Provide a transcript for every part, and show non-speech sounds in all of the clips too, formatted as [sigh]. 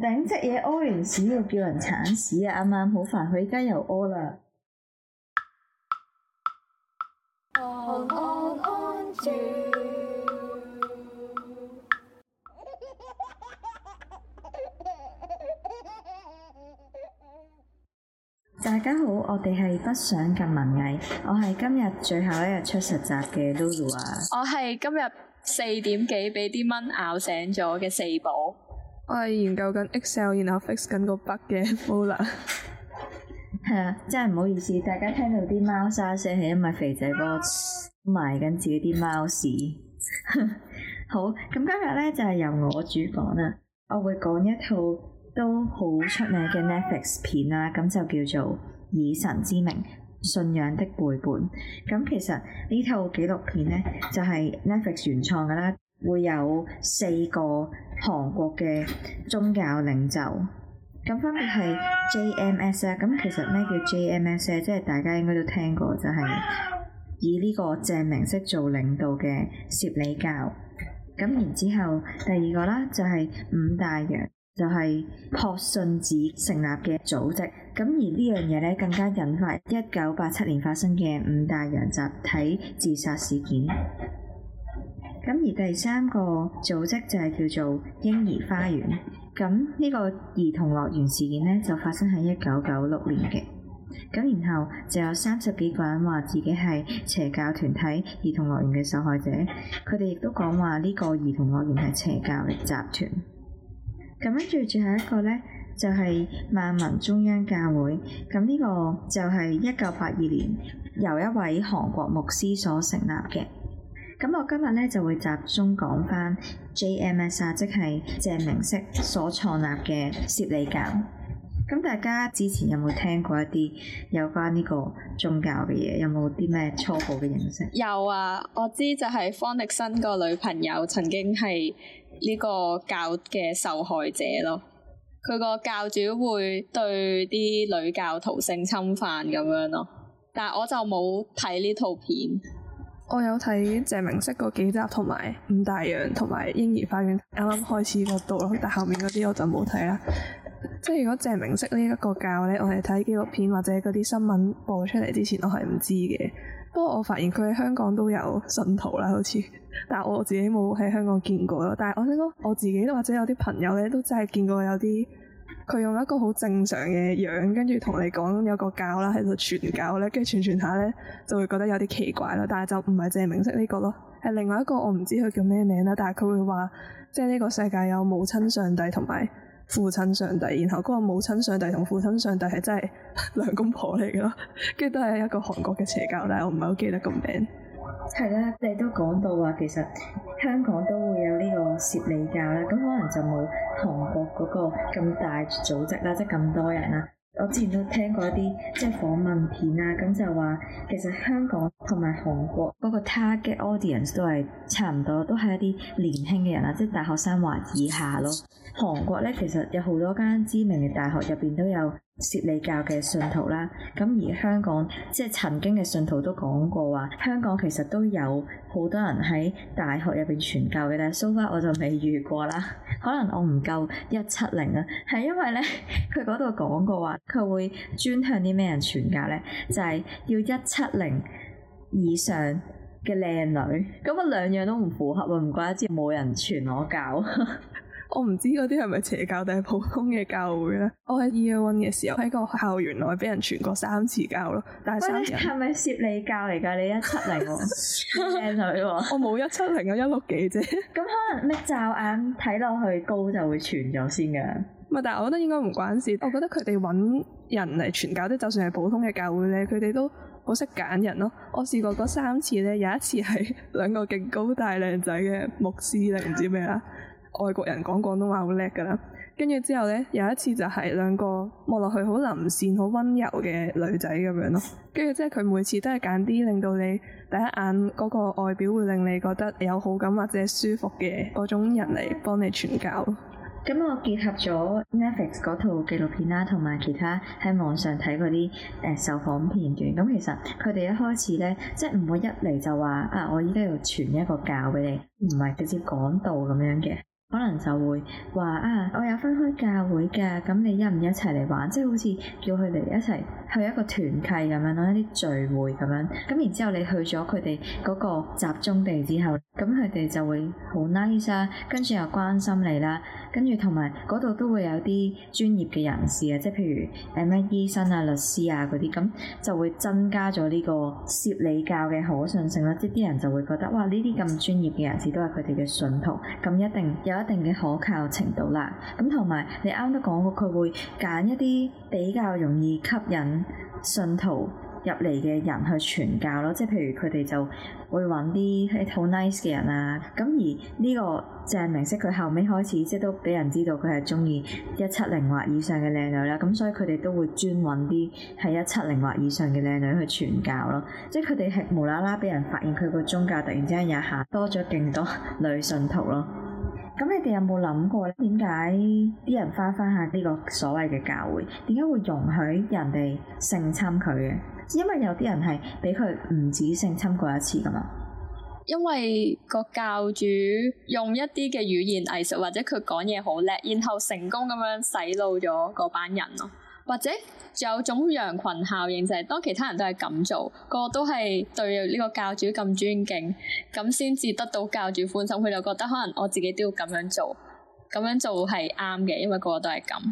頂隻嘢屙完屎要叫人鏟屎啊！啱啱好煩佢，而家又屙啦 [noise] [noise] 。大家好，我哋係不想咁文藝，我係今日最後一日出實習嘅 Lulu 啊，我係今日四點幾畀啲蚊咬醒咗嘅四寶。我係研究緊 Excel，然後 fix 緊個 bug 嘅 Mola。係 [laughs] 難 [laughs] [noise] 啊，真係唔好意思，大家聽到啲貓沙聲係因為肥仔哥埋緊自己啲貓屎。 [laughs] 好，咁、嗯、今日咧就係、是、由我主講啦。我會講一套都好出名嘅 Netflix 片啦，咁就叫做《以神之名：信仰的背叛》。咁其實套紀錄呢套紀錄片咧就係、是、Netflix 原創嘅啦。會有四個韓國嘅宗教領袖，咁分別係 JMS 啊。咁其實咩叫 JMS 咧？即係大家應該都聽過，就係、是、以呢個鄭明析做領導嘅攝理教。咁然之後，第二個啦就係五大洋，就係、是、朴信子成立嘅組織。咁而呢樣嘢咧，更加引發一九八七年發生嘅五大洋集體自殺事件。咁而第三個組織就係叫做嬰兒花園。咁呢個兒童樂園事件呢，就發生喺一九九六年嘅。咁然後就有三十幾個人話自己係邪教團體兒童樂園嘅受害者，佢哋亦都講話呢個兒童樂園係邪教嘅集團。咁跟住最後一個呢，就係萬民中央教會。咁呢個就係一九八二年由一位韓國牧師所成立嘅。咁我今日咧就會集中講翻 JMS 啊，即係鄭明析所創立嘅攝理教。咁大家之前有冇聽過一啲有關呢個宗教嘅嘢？有冇啲咩初步嘅認識？有啊，我知就係方力申個女朋友曾經係呢個教嘅受害者咯。佢個教主會對啲女教徒性侵犯咁樣咯。但係我就冇睇呢套片。我有睇鄭明析個幾集，同埋五大洋，同埋嬰兒花園啱啱開始嗰度咯，但後面嗰啲我就冇睇啦。即係如果鄭明析呢一個教咧，我係睇紀錄片或者嗰啲新聞播出嚟之前，我係唔知嘅。不過我發現佢喺香港都有信徒啦，好似，但係我自己冇喺香港見過咯。但係我想講，我自己或者有啲朋友咧，都真係見過有啲。佢用一個好正常嘅樣，跟住同你講有個教啦，喺度傳教咧，跟住傳傳下咧就會覺得有啲奇怪咯。但係就唔係淨係明析呢個咯，係另外一個我唔知佢叫咩名啦。但係佢會話，即係呢個世界有母親上帝同埋父親上帝，然後嗰個母親上帝同父親上帝係真係兩公婆嚟嘅咯，跟住都係一個韓國嘅邪教，但係我唔係好記得個名。係啦，你都講到話其實香港都會有呢個攝理教啦，咁可能就冇韓國嗰個咁大組織啦，即係咁多人啦。我之前都聽過一啲即係訪問片啊，咁就話其實香港同埋韓國嗰個 target audience 都係差唔多，都係一啲年輕嘅人啦，即係大學生或以下咯。韓國咧其實有好多間知名嘅大學入邊都有。攝理教嘅信徒啦，咁而香港即係曾經嘅信徒都講過話，香港其實都有好多人喺大學入邊傳教嘅，但係 so far 我就未遇過啦。可能我唔夠一七零啊，係因為咧佢嗰度講過話，佢會專向啲咩人傳教咧，就係要一七零以上嘅靚女。咁啊兩樣都唔符合啊，唔怪之冇人傳我教。 [laughs] 我唔知嗰啲係咪邪教定係普通嘅教會咧。我喺 Year One 嘅時候喺個校園內俾人傳過三次教咯，但係三次。係咪攝理教嚟噶？你一七零喎，靚女喎。我冇一七零啊，一六幾啫。咁可能咩罩眼睇落去高就會傳咗先嘅。咪， [laughs] 但係我覺得應該唔關事。我覺得佢哋搵人嚟傳教，啲就算係普通嘅教會咧，佢哋都好識揀人咯。我試過嗰三次咧，有一次係兩個勁高大靚仔嘅牧師咧，唔知咩啦。 [laughs] 外國人講廣東話好叻㗎啦，跟住之後咧，有一次就係兩個望落去好林善、好溫柔嘅女仔咁樣咯。跟住即係佢每次都係揀啲令到你第一眼嗰個外表會令你覺得有好感或者舒服嘅嗰種人嚟幫你傳教。咁我結合咗 Netflix 嗰套紀錄片啦、啊，同埋其他喺網上睇嗰啲誒受訪片段，咁其實佢哋一開始咧，即係唔會一嚟就話啊，我依家要傳一個教俾你，唔係直接講道咁樣嘅。可能就會話啊，我有分開教會嘅，咁你有有一唔一齊嚟玩？即係好似叫佢哋一齊去一個團契咁樣咯，一啲聚會咁樣。咁然之後你去咗佢哋嗰個集中地之後，咁佢哋就會好 nice 啦，跟住又關心你啦，跟住同埋嗰度都會有啲專業嘅人士啊，即係譬如誒咩醫生啊、律師啊嗰啲，咁就會增加咗呢個攝理教嘅可信性啦。即係啲人就會覺得哇，呢啲咁專業嘅人士都係佢哋嘅信徒，咁一定有，一定嘅可靠程度啦，咁同埋你啱啱都講過，佢會揀一啲比較容易吸引信徒入嚟嘅人去傳教咯，即係譬如佢哋就會揾啲係好 nice 嘅人啊，咁而呢個鄭明析佢後尾開始即係都俾人知道佢係中意一七零或以上嘅靚女啦，咁所以佢哋都會專揾啲係一七零或以上嘅靚女去傳教咯，即係佢哋係無啦啦俾人發現佢個宗教突然之間一下多咗勁多女信徒咯。咁你哋有冇諗過咧？點解啲人翻翻下呢個所謂嘅教會，點解會容許人哋性侵佢嘅？因為有啲人係俾佢唔止性侵過一次㗎嘛。因為個教主用一啲嘅語言藝術，或者佢講嘢好叻，然後成功咁樣洗腦咗嗰班人咯。或者仲有種羊群效應，就係、是、當其他人都係咁做，個個都係對呢個教主咁尊敬，咁先至得到教主歡心。佢就覺得可能我自己都要咁樣做，咁樣做係啱嘅，因為個個都係咁。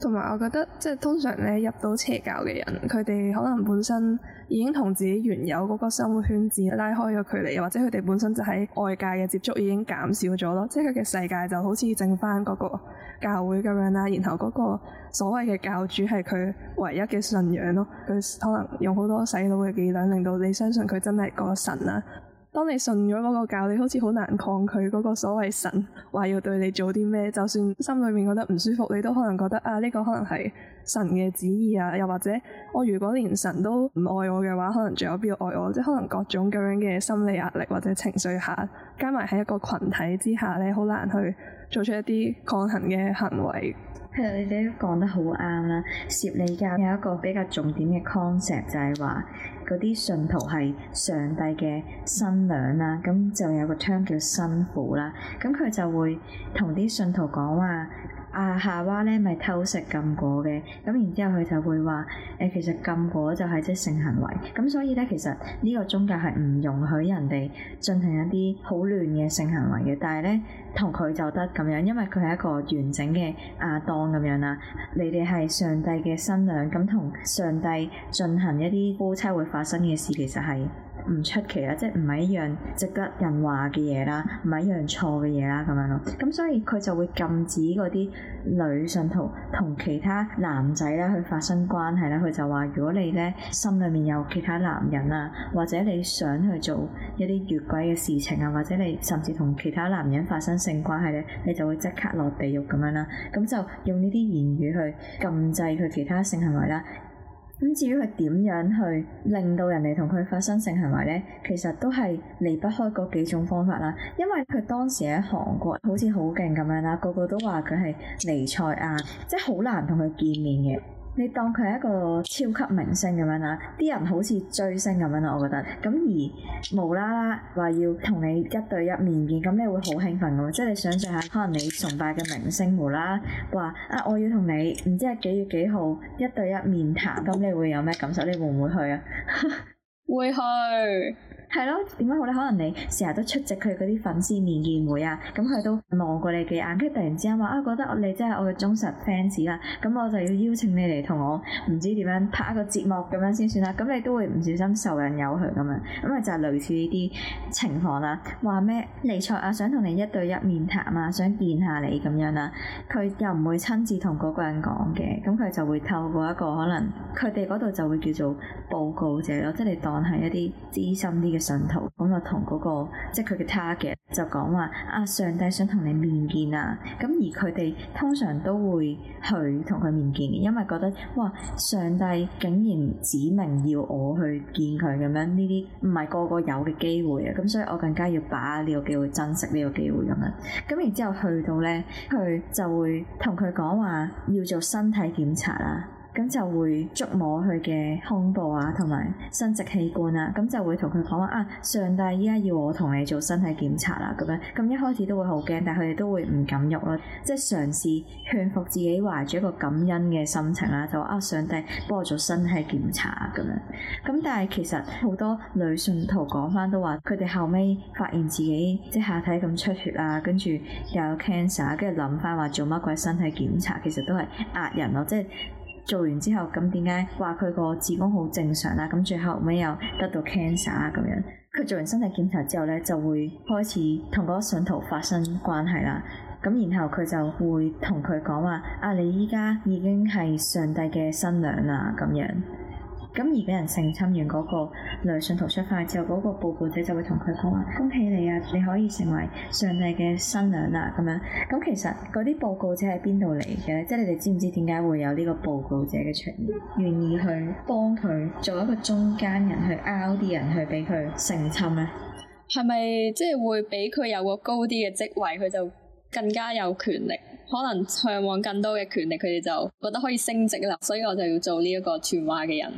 同埋我覺得，即係通常你入到邪教嘅人，佢哋可能本身已經同自己原有嗰個生活圈子拉開咗距離，或者佢哋本身就喺外界嘅接觸已經減少咗咯，即係佢嘅世界就好似剩翻嗰、那個。教會咁樣啦，然後嗰個所謂嘅教主係佢唯一嘅信仰咯。佢可能用好多洗腦嘅技能，令到你相信佢真係個神啊。當你信咗嗰個教，你好似好難抗拒嗰個所謂神話要對你做啲咩。就算心裏面覺得唔舒服，你都可能覺得啊，呢個可能係神嘅旨意啊。又或者，我如果連神都唔愛我嘅話，可能仲有邊個愛我？即係可能各種咁樣嘅心理壓力或者情緒下，加埋喺一個群體之下你好難去。 [noise] 做出一啲抗衡嘅行為。其實你哋都講得好啱啦，攝理教有一個比較重點嘅 concept 就係話嗰啲信徒係上帝嘅新娘啦，咁就有個 term 叫新婦啦，咁佢就會同啲信徒講話。啊夏娃咧，咪偷食禁果嘅，咁然之後佢就會話：誒，其實禁果就係即性行為，咁所以咧，其實呢個宗教係唔容許人哋進行一啲好亂嘅性行為嘅。但係咧，同佢就得咁樣，因為佢係一個完整嘅亞當咁樣啦。你哋係上帝嘅新娘，咁同上帝進行一啲夫妻會發生嘅事，其實係。唔出奇啦，即係唔係一樣值得人話嘅嘢啦，唔係一,一樣錯嘅嘢啦，咁樣咯。咁所以佢就會禁止嗰啲女信徒同其他男仔咧去發生關係啦。佢就話：如果你咧心裏面有其他男人啊，或者你想去做一啲越軌嘅事情啊，或者你甚至同其他男人發生性關係咧，你就會即刻落地獄咁樣啦。咁就用呢啲言語去禁制佢其他性行為啦。咁至於佢點樣去令到人哋同佢發生性行為呢，其實都係離不開嗰幾種方法啦。因為佢當時喺韓國好似好勁咁樣啦，個個都話佢係彌賽亞，即係好難同佢見面嘅。你當佢係一個超級明星咁樣啦，啲人好似追星咁樣啦、啊，我覺得。咁而無啦啦話要同你一對一面見，咁你會好興奮嘅喎。即係你想像下，可能你崇拜嘅明星無啦啦話啊，我要同你唔知係幾月幾號一對一面談，咁你會有咩感受？你會唔會去啊？ [laughs] 會去。係咯，點解好咧？可能你成日都出席佢嗰啲粉絲面見會啊，咁佢都望過你幾眼，跟住突然之間話啊覺得你真係我嘅忠實 fans 啦、啊，咁我就要邀請你嚟同我唔知點樣拍一個節目咁樣先算啦、啊，咁你都會唔小心受人誘惑咁啊，咁啊就係類似呢啲情況啦。話咩黎卓啊想同你一對一面談啊，想見下你咁樣啦、啊，佢又唔會親自同嗰個人講嘅，咁佢就會透過一個可能佢哋嗰度就會叫做報告者咯，即係你當係一啲資深啲嘅。信徒咁就同嗰個即係佢嘅 target，就講話啊，上帝想同你面見啊。咁而佢哋通常都會去同佢面見嘅，因為覺得哇，上帝竟然指明要我去見佢咁樣，呢啲唔係個個有嘅機會啊，咁所以我更加要把握呢個機會，珍惜呢個機會咁樣，咁然之後去到咧，佢就會同佢講話要做身體檢查啦。咁就會觸摸佢嘅胸部啊，同埋生殖器官啊。咁就會同佢講話啊，上帝依家要我同你做身體檢查啦、啊。咁樣咁一開始都會好驚，但係佢哋都會唔敢喐咯，即係嘗試勸服自己，懷住一個感恩嘅心情啦、啊，就話啊，上帝幫我做身體檢查啊。咁樣咁，但係其實好多女信徒講翻都話，佢哋後尾發現自己即係下體咁出血啊，跟住又有 cancer，跟住諗翻話做乜鬼身體檢查，其實都係壓人咯、啊，即係。做完之後，咁點解話佢個子宮好正常啦？咁最後尾又得到 cancer 啊咁樣。佢做完身體檢查之後咧，就會開始同個信徒發生關係啦。咁然後佢就會同佢講話：啊，你依家已經係上帝嘅新娘啦咁樣。咁而俾人性侵完嗰個女信徒出翻之後，嗰、嗰個報告者就會同佢講話：恭喜你啊，你可以成為上帝嘅新娘啦啊！咁樣，咁其實嗰啲報告者喺邊度嚟嘅？即係你哋知唔知點解會有呢個報告者嘅出現，願意去幫佢做一個中間人去溝啲人去俾佢性侵咧？係咪即係會俾佢有個高啲嘅職位，佢就更加有權力，可能嚮往更多嘅權力，佢哋就覺得可以升職啦，所以我就要做呢一個傳話嘅人。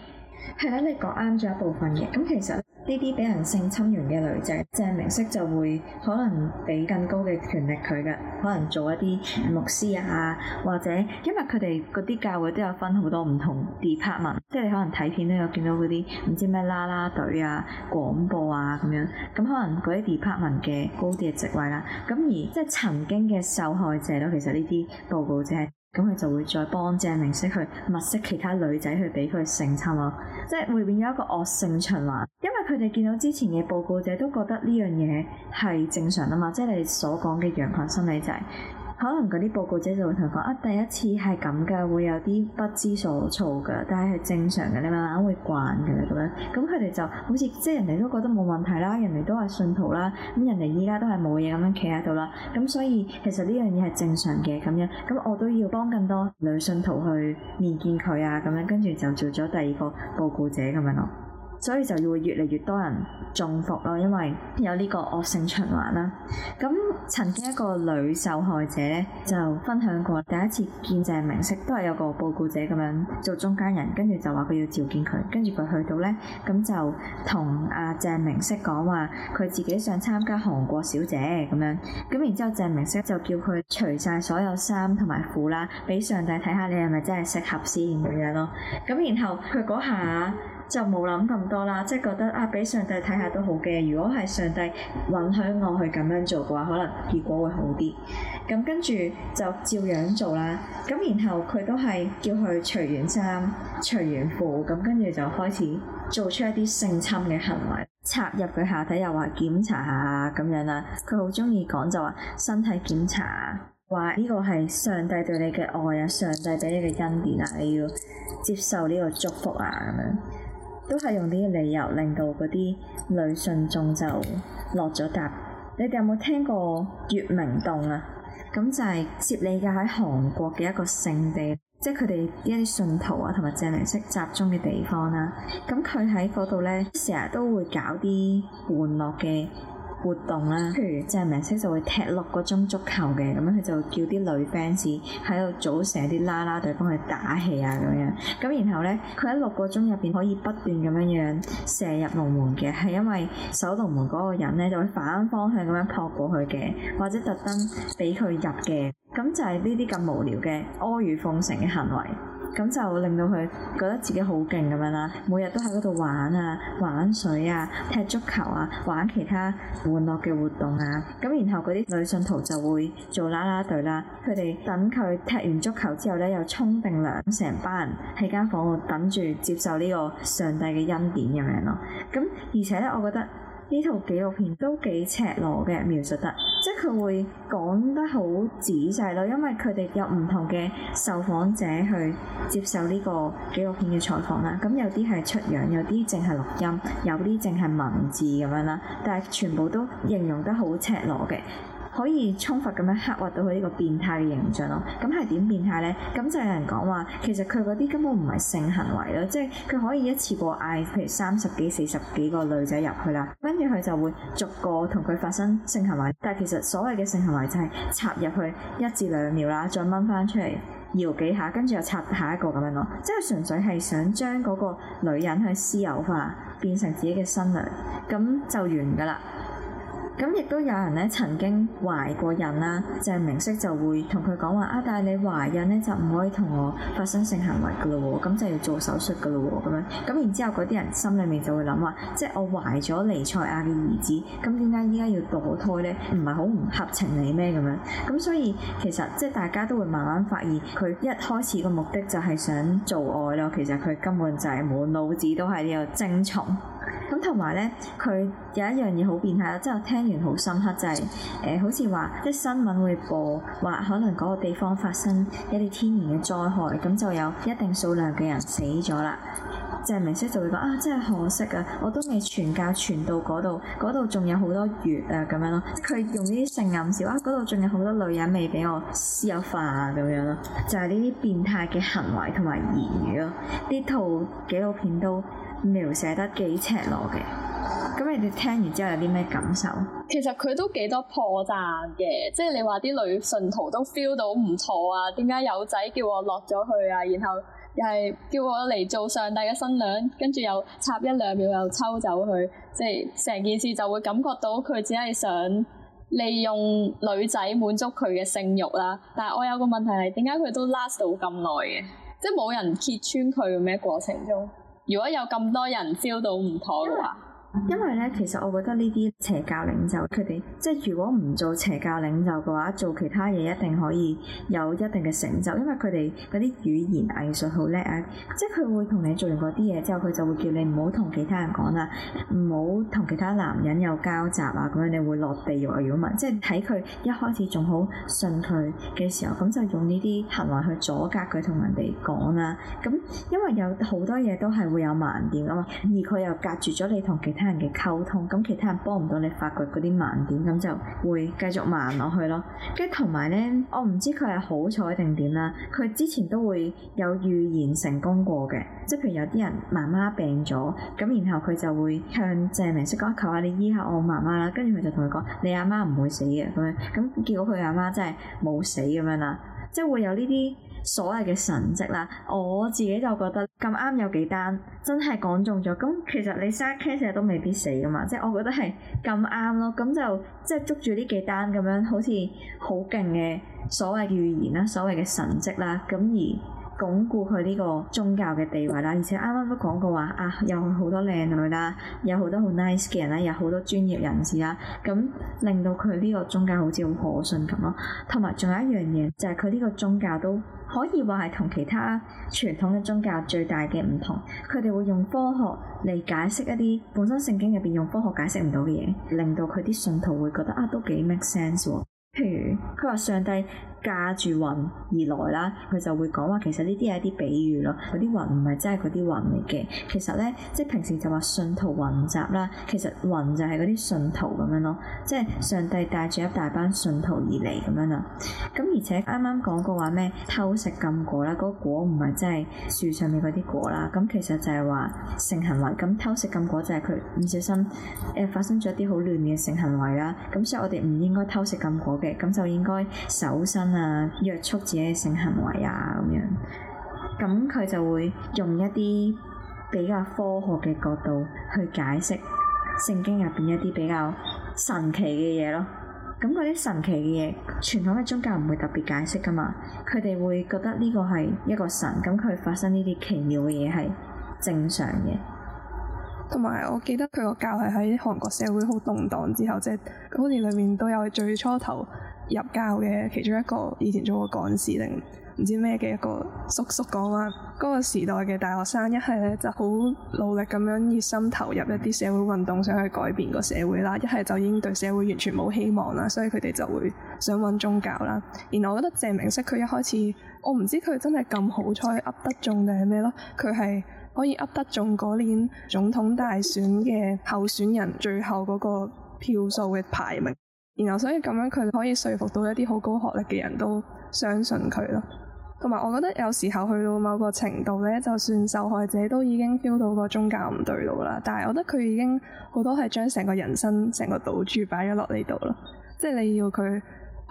係啦，你講啱咗一部分嘅。咁其實呢啲俾人性侵完嘅女仔，鄭明析就會可能俾更高嘅權力佢嘅可能做一啲牧師啊，或者因為佢哋嗰啲教會都有分好多唔同 department，即係你可能睇片都有見到嗰啲唔知咩啦啦隊啊、廣播啊咁樣，咁可能嗰啲 department 嘅高啲嘅職位啦。咁而即係曾經嘅受害者咧，其實呢啲報告者。係。咁佢就會再幫鄭明析去物色其他女仔去俾佢性侵囉，即係會變咗一個惡性循環。因為佢哋見到之前嘅報告者都覺得呢樣嘢係正常啊嘛，即係你所講嘅羊群心理就係、是。可能嗰啲報告者就會同佢講：啊，第一次係咁㗎，會有啲不知所措㗎，但係係正常嘅，你慢慢會慣㗎啦咁樣。咁佢哋就好似即係人哋都覺得冇問題啦，人哋都係信徒啦，咁人哋依家都係冇嘢咁樣企喺度啦。咁所以其實呢樣嘢係正常嘅咁樣。咁我都要幫更多女信徒去面見佢啊，咁樣跟住就做咗第二個報告者咁樣咯。所以就會越嚟越多人中伏咯，因為有呢個惡性循環啦。咁曾經一個女受害者咧就分享過，第一次見鄭明析都係有個報告者咁樣做中間人，跟住就話佢要召見佢，跟住佢去到咧咁就同阿鄭明析講話，佢自己想參加韓國小姐咁樣。咁然之後鄭明析就叫佢除晒所有衫同埋褲啦，俾上帝睇下你係咪真係適合先咁樣咯。咁然後佢嗰下。就冇諗咁多啦，即係覺得啊，俾上帝睇下都好嘅。如果係上帝允許我去咁樣做嘅話，可能結果會好啲。咁跟住就照樣做啦。咁然後佢都係叫佢除完衫、除完褲，咁跟住就開始做出一啲性侵嘅行為，插入佢下體又話檢查下咁樣啦。佢好中意講就話身體檢查，話呢個係上帝對你嘅愛啊，上帝對你嘅恩典啊，你要接受呢個祝福啊咁樣。都係用啲理由令到嗰啲女信眾就落咗答。你哋有冇聽過月明洞啊？咁就係攝理嘅喺韓國嘅一個聖地，即係佢哋一啲信徒啊同埋鄭明析集中嘅地方啦。咁佢喺嗰度咧，成日都會搞啲玩樂嘅。活動啦，譬如即係明星就會踢六個鐘足球嘅，咁樣佢就叫啲女 fans 喺度組成啲啦啦隊幫佢打氣啊咁樣，樣。咁然後呢，佢喺六個鐘入邊可以不斷咁樣樣射入龍門嘅，係因為守龍門嗰個人呢就會反方向咁樣撲過去嘅，或者特登俾佢入嘅。咁就係呢啲咁無聊嘅阿諛奉承嘅行為。咁就令到佢覺得自己好勁咁樣啦，每日都喺嗰度玩啊、玩水啊、踢足球啊、玩其他玩樂嘅活動啊。咁然後嗰啲女信徒就會做啦啦隊啦、啊，佢哋等佢踢完足球之後咧，又沖定涼，成班人喺間房度等住接受呢個上帝嘅恩典咁樣咯。咁而且咧，我覺得。呢套紀錄片都幾赤裸嘅，描述得，即係佢會講得好仔細囉，因為佢哋有唔同嘅受訪者去接受呢個紀錄片嘅採訪啦，咁有啲係出樣，有啲淨係錄音，有啲淨係文字咁樣啦，但係全部都形容得好赤裸嘅。可以充分咁樣刻畫到佢呢個變態嘅形象咯，咁係點變態咧？咁就有人講話，其實佢嗰啲根本唔係性行為咯，即係佢可以一次過嗌譬如三十幾、四十幾個女仔入去啦，跟住佢就會逐個同佢發生性行為。但係其實所謂嘅性行為就係插入去一至兩秒啦，再掹翻出嚟搖幾下，跟住又插下一個咁樣咯，即係純粹係想將嗰個女人去私有化，變成自己嘅新娘，咁就完㗎啦。咁亦都有人咧，曾經懷過孕啦，就鄭明析就會同佢講話啊，但係你懷孕咧就唔可以同我發生性行為噶咯喎，咁就要做手術噶咯喎，咁樣，咁然之後嗰啲人心裏面就會諗話，即係我懷咗尼賽亞嘅兒子，咁點解依家要墮胎咧？唔係好唔合情理咩咁樣？咁所以其實即係大家都會慢慢發現，佢一開始個目的就係想做愛咯，其實佢根本就係滿腦子都係呢個精蟲。咁同埋咧，佢有，有一樣嘢好變態咯，即係我聽完好深刻就係、是，誒、呃、好似話啲新聞會播話，可能嗰個地方發生一啲天然嘅災害，咁就有一定數量嘅人死咗啦。即係明析就會講啊，真係可惜啊！我都未傳教傳到嗰度，嗰度仲有好多女啊咁樣咯。即係佢用呢啲性暗示啊，嗰度仲有好多女人未俾我私有化啊咁樣咯。就係呢啲變態嘅行為同埋言語咯，呢套紀錄片都，描寫得幾赤裸嘅，咁你哋聽完之後有啲咩感受？其實佢都幾多破綻嘅，即係你話啲女信徒都 feel 到唔妥啊！點解友仔叫我落咗去啊？然後又係叫我嚟做上帝嘅新娘，跟住又插一兩秒又抽走佢，即係成件事就會感覺到佢只係想利用女仔滿足佢嘅性慾啦。但係我有個問題係點解佢都 last 到咁耐嘅？即係冇人揭穿佢嘅咩過程中？如果有咁多人燒到唔妥嘅話？因為咧，其實我覺得呢啲邪教領袖，佢哋即係如果唔做邪教領袖嘅話，做其他嘢一定可以有一定嘅成就，因為佢哋嗰啲語言藝術好叻啊！即係佢會同你做完嗰啲嘢之後，佢就會叫你唔好同其他人講啦，唔好同其他男人有交集啊！咁樣你會落地獄啊！如果問，即係睇佢一開始仲好信佢嘅時候，咁就用呢啲行為去阻隔佢同人哋講啦。咁因為有好多嘢都係會有盲點啊嘛，而佢又隔住咗你同其他。其他人嘅溝通，咁其他人幫唔到你，發掘嗰啲盲點，咁就會繼續盲落去咯。跟住同埋咧，我唔知佢係好彩定點啦。佢之前都會有預言成功過嘅，即係譬如有啲人媽媽病咗，咁然後佢就會向鄭明析講：求下你醫下我媽媽啦。跟住佢就同佢講： [laughs] 你阿媽唔會死嘅咁樣。咁結果佢阿媽真係冇死咁樣啦，即係會有呢啲。所謂嘅神跡啦，我自己就覺得咁啱有幾單真係講中咗。咁其實你生 case 都未必死㗎嘛，即係我覺得係咁啱咯。咁就即係捉住呢幾單咁樣，好似好勁嘅所謂嘅預言啦，所謂嘅神跡啦，咁而，鞏固佢呢個宗教嘅地位啦，而且啱啱都講過話啊，有好多靚女啦，有好多好 nice 嘅人啦，有好多專業人士啦，咁令到佢呢個宗教好似好可信咁咯。同埋仲有一樣嘢，就係佢呢個宗教都可以話係同其他傳統嘅宗教最大嘅唔同，佢哋會用科學嚟解釋一啲本身聖經入邊用科學解釋唔到嘅嘢，令到佢啲信徒會覺得啊都幾 make sense 喎。譬如佢話上帝架住雲而來啦，佢就會講話其，其實呢啲係一啲比喻咯，嗰啲雲唔係真係嗰啲雲嚟嘅。其實咧，即係平時就話信徒雲集啦，其實雲就係嗰啲信徒咁樣咯，即係上帝帶住一大班信徒而嚟咁樣啊。咁而且啱啱講過話咩偷食禁果啦，嗰、嗰個果唔係真係樹上面嗰啲果啦，咁其實就係話性行為。咁偷食禁果就係佢唔小心誒、呃、發生咗啲好亂嘅性行為啦。咁所以我哋唔應該偷食禁果嘅，咁就應該守身。啊！約束自己嘅性行為啊，咁樣，咁佢就會用一啲比較科學嘅角度去解釋聖經入邊一啲比較神奇嘅嘢咯。咁嗰啲神奇嘅嘢，傳統嘅宗教唔會特別解釋㗎嘛。佢哋會覺得呢個係一個神，咁佢發生呢啲奇妙嘅嘢係正常嘅。同埋我記得佢個教係喺韓國社會好動盪之後，即係嗰年裏面都有最初頭。入教嘅其中一個以前做過幹事定唔知咩嘅一個叔叔講話，嗰個時代嘅大學生一係咧就好努力咁樣熱心投入一啲社會運動，想去改變個社會啦；一係就已經對社會完全冇希望啦，所以佢哋就會想揾宗教啦。然後我覺得鄭明析佢一開始，我唔知佢真係咁好彩呃得中定係咩咯？佢係可以呃得中嗰年總統大選嘅候選人最後嗰個票數嘅排名。然後所以咁樣佢可以說服到一啲好高學歷嘅人都相信佢咯，同埋我覺得有時候去到某個程度咧，就算受害者都已經 feel 到個宗教唔對路啦，但係我覺得佢已經好多係將成個人生成個賭注擺咗落嚟度啦，即係你要佢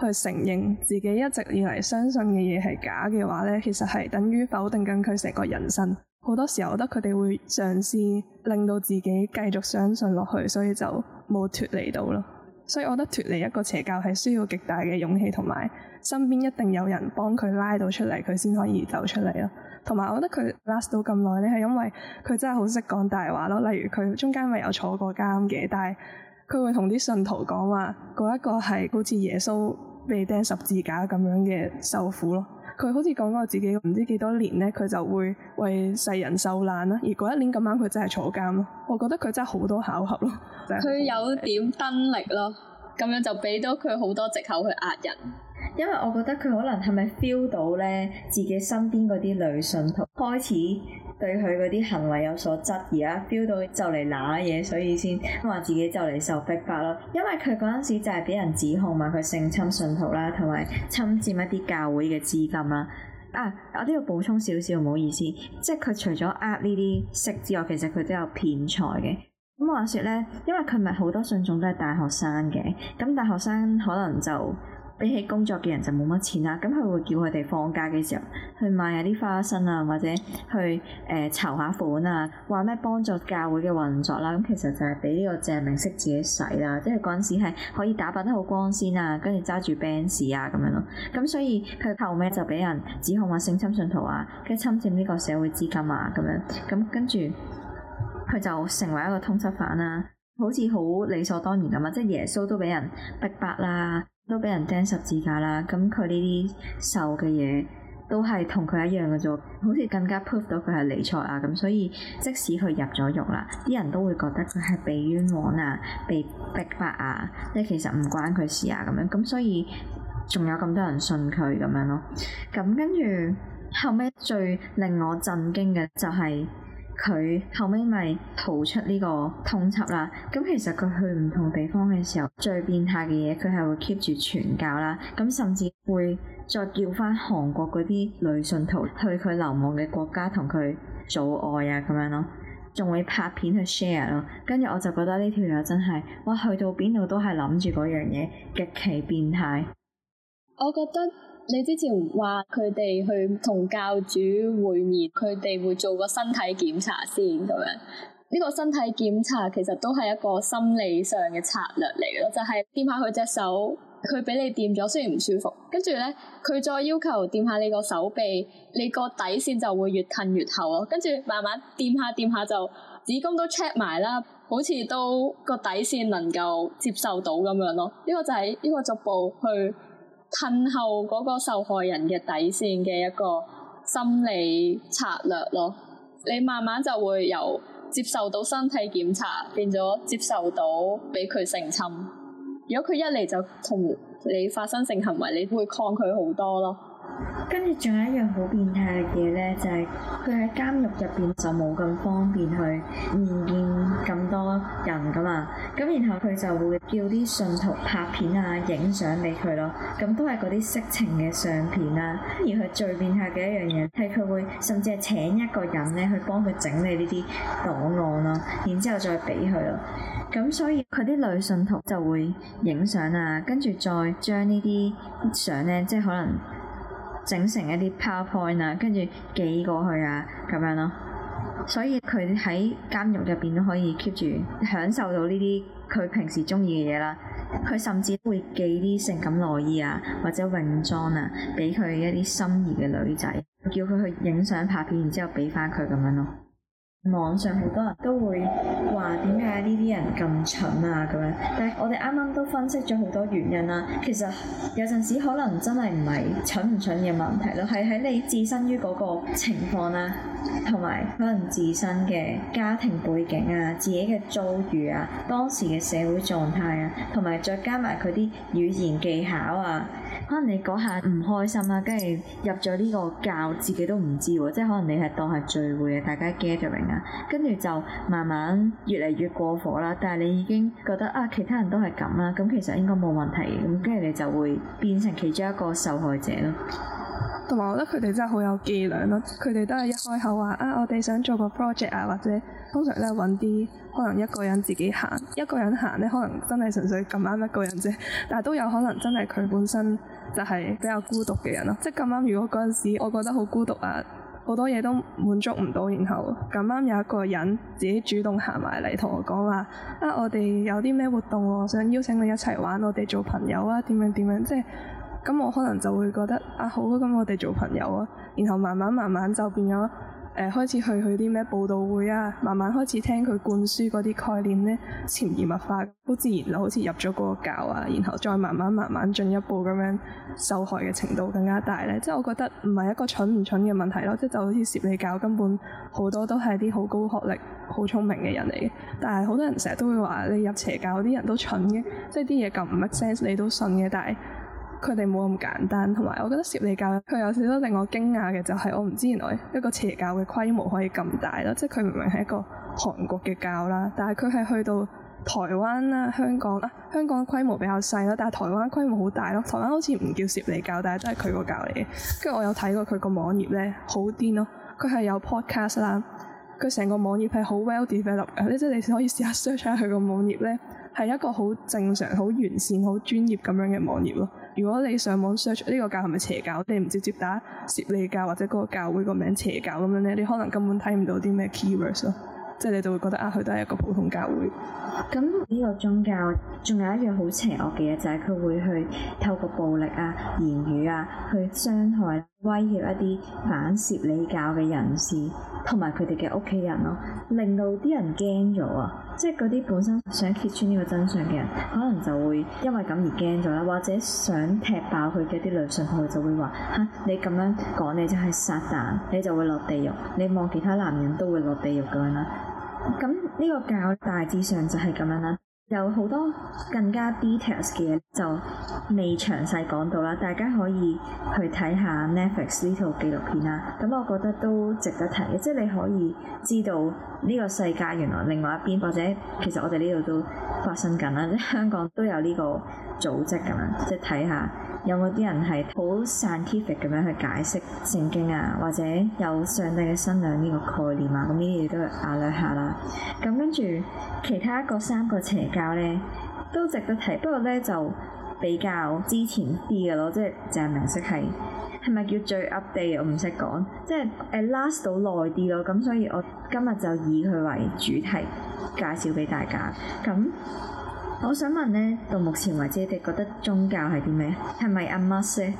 去承認自己一直以嚟相信嘅嘢係假嘅話咧，其實係等於否定緊佢成個人生。好多時候我覺得佢哋會嘗試令到自己繼續相信落去，所以就冇脫離到啦。所以我覺得脫離一個邪教係需要極大嘅勇氣，同埋身邊一定有人幫佢拉到出嚟，佢先可以走出嚟咯。同埋我覺得佢 last 到咁耐咧，係因為佢真係好識講大話咯。例如佢中間咪有坐過監嘅，但係佢會同啲信徒講話，嗰一個係好似耶穌被釘十字架咁樣嘅受苦咯。佢好似講過自己唔知幾多年咧，佢就會為世人受難啦。而嗰一年咁啱佢真係坐監咯。我覺得佢真係好多巧合咯。佢有點斤力咯，咁樣就畀到佢好多藉口去壓人。因為我覺得佢可能係咪 feel 到咧，自己身邊嗰啲女信徒開始，對佢嗰啲行為有所質疑，feel 到就嚟攋嘢，所以先話自己就嚟受迫法咯。因為佢嗰陣時就係俾人指控問佢性侵信徒啦，同埋侵占一啲教會嘅資金啦。啊，我都要補充少少，唔好意思，即係佢除咗呃呢啲色之外，其實佢都有騙財嘅。咁話說咧，因為佢咪好多信眾都係大學生嘅，咁大學生可能就。比起工作嘅人就冇乜錢啦，咁佢會叫佢哋放假嘅時候去買下啲花生啊，或者去誒、呃、籌下款啊，話咩幫助教會嘅運作啦、啊。咁其實就係俾呢個鄭明析自己使啦、啊，即係嗰陣時係可以打扮得好光鮮啊，跟住揸住 Benz 啊咁樣咯、啊。咁所以佢後尾就俾人指控話、啊、性侵信徒啊，跟住侵佔呢個社會資金啊咁樣啊，咁跟住佢就成為一個通緝犯啦、啊。好似好理所當然咁啊！即係耶穌都俾人逼迫啦。都畀人釘十字架啦，咁佢呢啲受嘅嘢都係同佢一樣嘅啫，好似更加 prove 到佢係基督啊，咁所以即使佢入咗獄啦，啲人都會覺得佢係被冤枉啊，被逼迫啊，即係其實唔關佢事啊，咁樣，咁所以仲有咁多人信佢咁樣咯，咁跟住後尾，最令我震驚嘅就係、是。佢後尾咪逃出呢個通緝啦，咁其實佢去唔同地方嘅時候，最變態嘅嘢佢係會 keep 住傳教啦，咁甚至會再叫翻韓國嗰啲女信徒去佢流亡嘅國家同佢做愛啊咁樣咯，仲會拍片去 share 咯，跟住我就覺得呢條友真係，哇，去到邊度都係諗住嗰樣嘢，極其變態。我覺得。你之前話佢哋去同教主會面，佢哋會做個身體檢查先咁樣。呢、呢個身體檢查其實都係一個心理上嘅策略嚟嘅。就係、係、掂下佢隻手，佢畀你掂咗，雖然唔舒服。跟住咧，佢再要求掂下你個手臂，你個底線就會越褪越厚咯。跟住慢慢掂下掂下就，子宮都 check 埋啦，好似都個底線能夠接受到咁樣咯。呢、呢個就係呢個逐步去褪後嗰個受害人嘅底線嘅一個心理策略咯，你慢慢就會由接受到身體檢查，變咗接受到俾佢性侵，如果佢一嚟就同你發生性行為，你會抗拒好多咯。跟住仲有一樣好變態嘅嘢咧，就係佢喺監獄入邊就冇咁方便去面見咁多人噶嘛。咁然後佢就會叫啲信徒拍片啊、影相俾佢咯。咁都係嗰啲色情嘅相片啊。而佢最變態嘅一樣嘢係佢會甚至係請一個人咧去幫佢整理呢啲檔案咯，啊，然之後再俾佢咯。咁所以佢啲女信徒就會影相啊，跟住再將呢啲相咧，即係可能，整成一啲 PowerPoint 啊，跟住寄過去啊，咁樣咯。所以佢喺監獄入邊都可以 keep 住享受到呢啲佢平時鍾意嘅嘢啦。佢甚至會寄啲性感內衣啊，或者泳裝啊，畀佢一啲心儀嘅女仔，叫佢去影相拍片，然之後畀翻佢咁樣咯。網上好多人都會話，點解呢啲人咁蠢啊，咁樣，但係我哋啱啱都分析咗好多原因啦。其實有陣時可能真係唔係蠢唔蠢嘅問題咯，係喺你置身於嗰個情況啦，同埋可能自身嘅家庭背景啊、自己嘅遭遇啊、當時嘅社會狀態啊，同埋再加埋佢啲語言技巧啊。可能你嗰下唔開心啦，跟住入咗呢個教自己都唔知喎，即係可能你係當係聚會啊，大家 gathering 啊，跟住就慢慢越嚟越過火啦。但係你已經覺得啊，其他人都係咁啦，咁其實應該冇問題嘅，咁跟住你就會變成其中一個受害者咯。同埋我覺得佢哋真係好有伎倆咯，佢哋都係一開口話啊，我哋想做個 project 啊，或者。通常呢，揾啲可能一個人自己行，一個人行呢，可能真係純粹咁啱一個人啫，但係都有可能真係佢本身就係比較孤獨嘅人咯。即係咁啱，如果嗰陣時我覺得好孤獨啊，好多嘢都滿足唔到，然後咁啱有一個人自己主動行埋嚟同我講話啊我哋有啲咩活動，我想邀請你一齊玩，我哋做朋友啊，點樣點樣，即係咁我可能就會覺得啊好啊，咁我哋做朋友啊，然後慢慢慢慢就變咗。誒開始去佢啲咩報道會啊，慢慢開始聽佢灌輸嗰啲概念咧，潛移默化，好自然就、啊、好似入咗嗰個教啊，然後再慢慢慢慢進一步咁樣受害嘅程度更加大咧。即係、就是、我覺得唔係一個蠢唔蠢嘅問題咯，啊，即、就、係、是、就好似攝理教根本好多都係啲好高學歷、好聰明嘅人嚟嘅，但係好多人成日都會話你入邪教啲人都蠢嘅，即係啲嘢咁唔 make sense 你都信嘅，但係。佢哋冇咁簡單，同埋我覺得攝理教佢有少少令我驚訝嘅就係我唔知原來一個邪教嘅規模可以咁大咯，即係佢明明係一個韓國嘅教啦，但係佢係去到台灣啦、香港啦。香港規模比較細咯，但係台灣規模好大咯。台灣好似唔叫攝理教，但係都係佢個教嚟嘅。跟住我有睇過佢個網頁咧，好癲咯！佢係有 podcast 啦，佢成個網頁係好 well develop 嘅，你即係你可以試下 search 下佢個網頁咧。係一個好正常、好完善、好專業咁樣嘅網頁。如果你上網 search 呢個教係咪邪教，你唔直接打攝理教或者嗰個教會個名字邪教咁樣咧，你可能根本睇唔到啲咩 keywords。即係你就會覺得啊，佢都係一個普通教會。咁呢個宗教仲有一樣好邪惡嘅嘢，就係、是、佢會去透過暴力啊、言語啊，去傷害、威脅一啲反攝理教嘅人士，同埋佢哋嘅屋企人咯，令到啲人驚咗啊！即係嗰啲本身想揭穿呢個真相嘅人，可能就會因為咁而驚咗啦，或者想踢爆佢嘅啲女性，佢就會話：嚇、啊、你咁樣講你就係撒旦，你就會落地獄，你望其他男人都會落地獄咁樣啦。咁呢個教大致上就係咁樣啦，有好多更加 details 嘅嘢就未詳細講到啦，大家可以去睇下 Netflix 呢套紀錄片啦。咁我覺得都值得睇嘅，即係你可以知道呢個世界原來另外一邊，或者其實我哋呢度都發生緊啦，即香港都有呢個組織咁啦，即係睇下。有冇啲人係好善 k 咁樣去解釋聖經啊，或者有上帝嘅新娘呢個概念啊？咁呢啲都阿兩下啦。咁跟住其他嗰三個邪教咧，都值得睇。不過咧就比較之前啲嘅咯，即係就係、是、鄭明析係係咪叫最 update？我唔識講，即係誒 last 到耐啲咯。咁所以我今日就以佢為主題介紹俾大家。咁。我想問呢，到目前為止，你覺得宗教係啲咩？係咪 a must 先？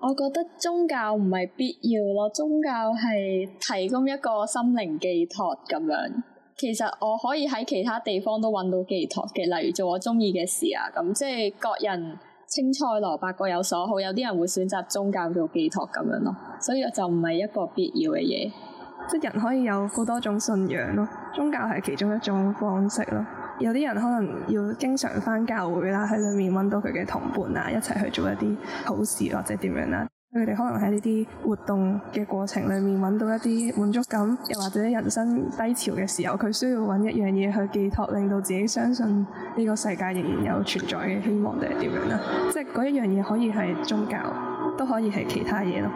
我覺得宗教唔係必要咯，宗教係提供一個心靈寄託咁樣。其實我可以喺其他地方都揾到寄託嘅，例如做我中意嘅事啊，咁即係各人青菜蘿蔔各有所好，有啲人會選擇宗教做寄託咁樣咯，所以我就唔係一個必要嘅嘢。即係人可以有好多種信仰咯，宗教係其中一種方式咯。有啲人可能要經常翻教會啦，喺裏面揾到佢嘅同伴啊，一齊去做一啲好事或者點樣啦。佢哋可能喺呢啲活動嘅過程裏面揾到一啲滿足感，又或者人生低潮嘅時候，佢需要揾一樣嘢去寄託，令到自己相信呢個世界仍然有存在嘅希望定係點樣啦。即係嗰一樣嘢可以係宗教，都可以係其他嘢咯。